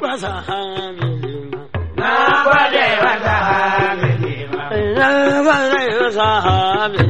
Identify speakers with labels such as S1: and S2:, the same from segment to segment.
S1: fasaha Na gode
S2: fasaha Na gode fasaha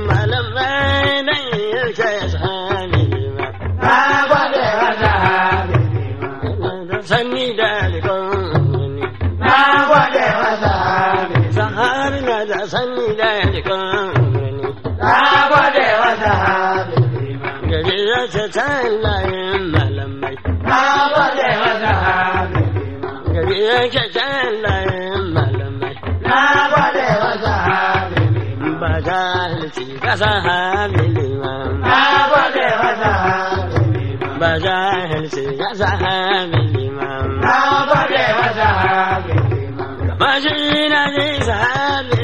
S1: ka sani da jikin gani.
S2: Na gode wata habibi
S1: ma. Gari ya ce ta layin malamai.
S2: Na gode wata habibi
S1: ma. Gari ya ce ta layin malamai.
S2: Na gode wata habibi
S1: ma. Ba ta halici kasa habibi ma.
S2: Na gode wata habibi
S1: ma. Ba ta halici
S2: kasa habibi ma. Na gode wata habibi
S1: ma. Kamar shi na ji sahabi.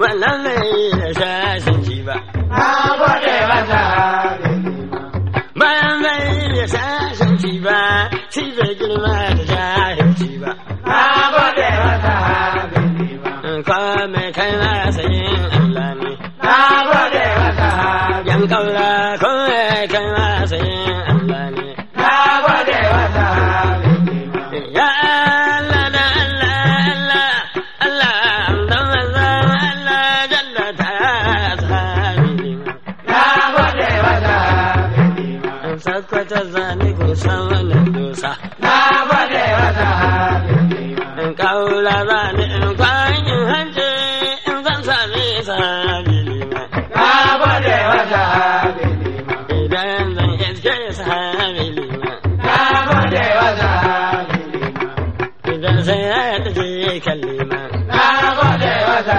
S1: wannan mai sashin ci ba.
S2: Na gode masa
S1: Bayan mai sashin ci ba, shi bai
S2: girma da ci ba. Na gode nima.
S1: Kwa mai kai masa yin Allah
S2: ne. Na wata masa
S1: Yan kaula dosa.
S2: Na gode wata
S1: In kaula za ni in kwanin hanci in zan sami sabili
S2: ma. Na gode wata Idan zan iske sabili ma. Na gode wata
S1: Idan sai ya tafi kalli ma. Na gode wata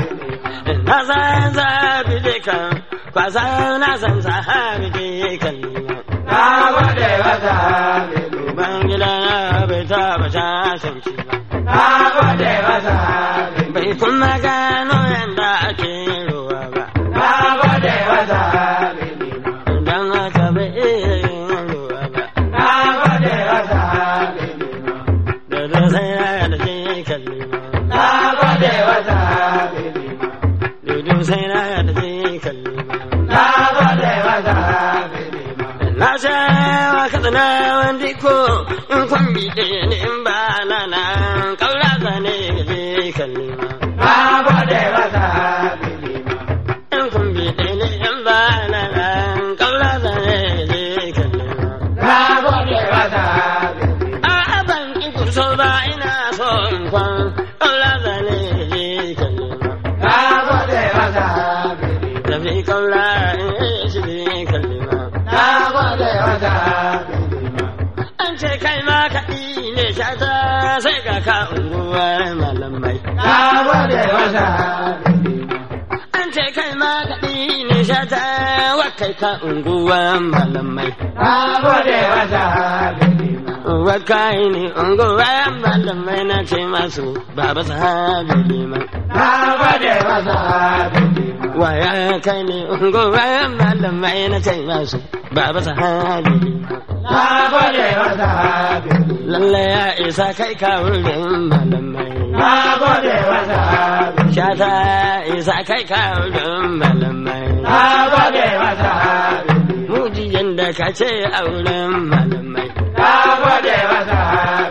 S1: na san zabi je kan kwasa na san zahabi je kan na gode wa zahabi ban gida na bai taba shashanci ba Na sha wa katsina wanda ko in kwambi ɗaya ne in ba na nan kaura zane ne kan nema. kalla in shi kalima. Na gode wata An ce kai ma ka ne shata sai ga ka unguwar malamai. Na gode wata An ce kai ma ka ne shata wa kai ka unguwar malamai. Na gode wata Wakai ne unguwar malamai na ce masu baba sahabi liman.
S2: Na gode wa sahabi
S1: waya kai ne ungowa malamai na kai masu baba sahabi
S2: na gode wa sahabi
S1: lalle ya isa kai ka wurin malamai na gode wa
S2: sahabi
S1: shata isa kai ka wurin malamai na gode wa sahabi mujiyan da ka ce a wurin malamai na gode wa sahabi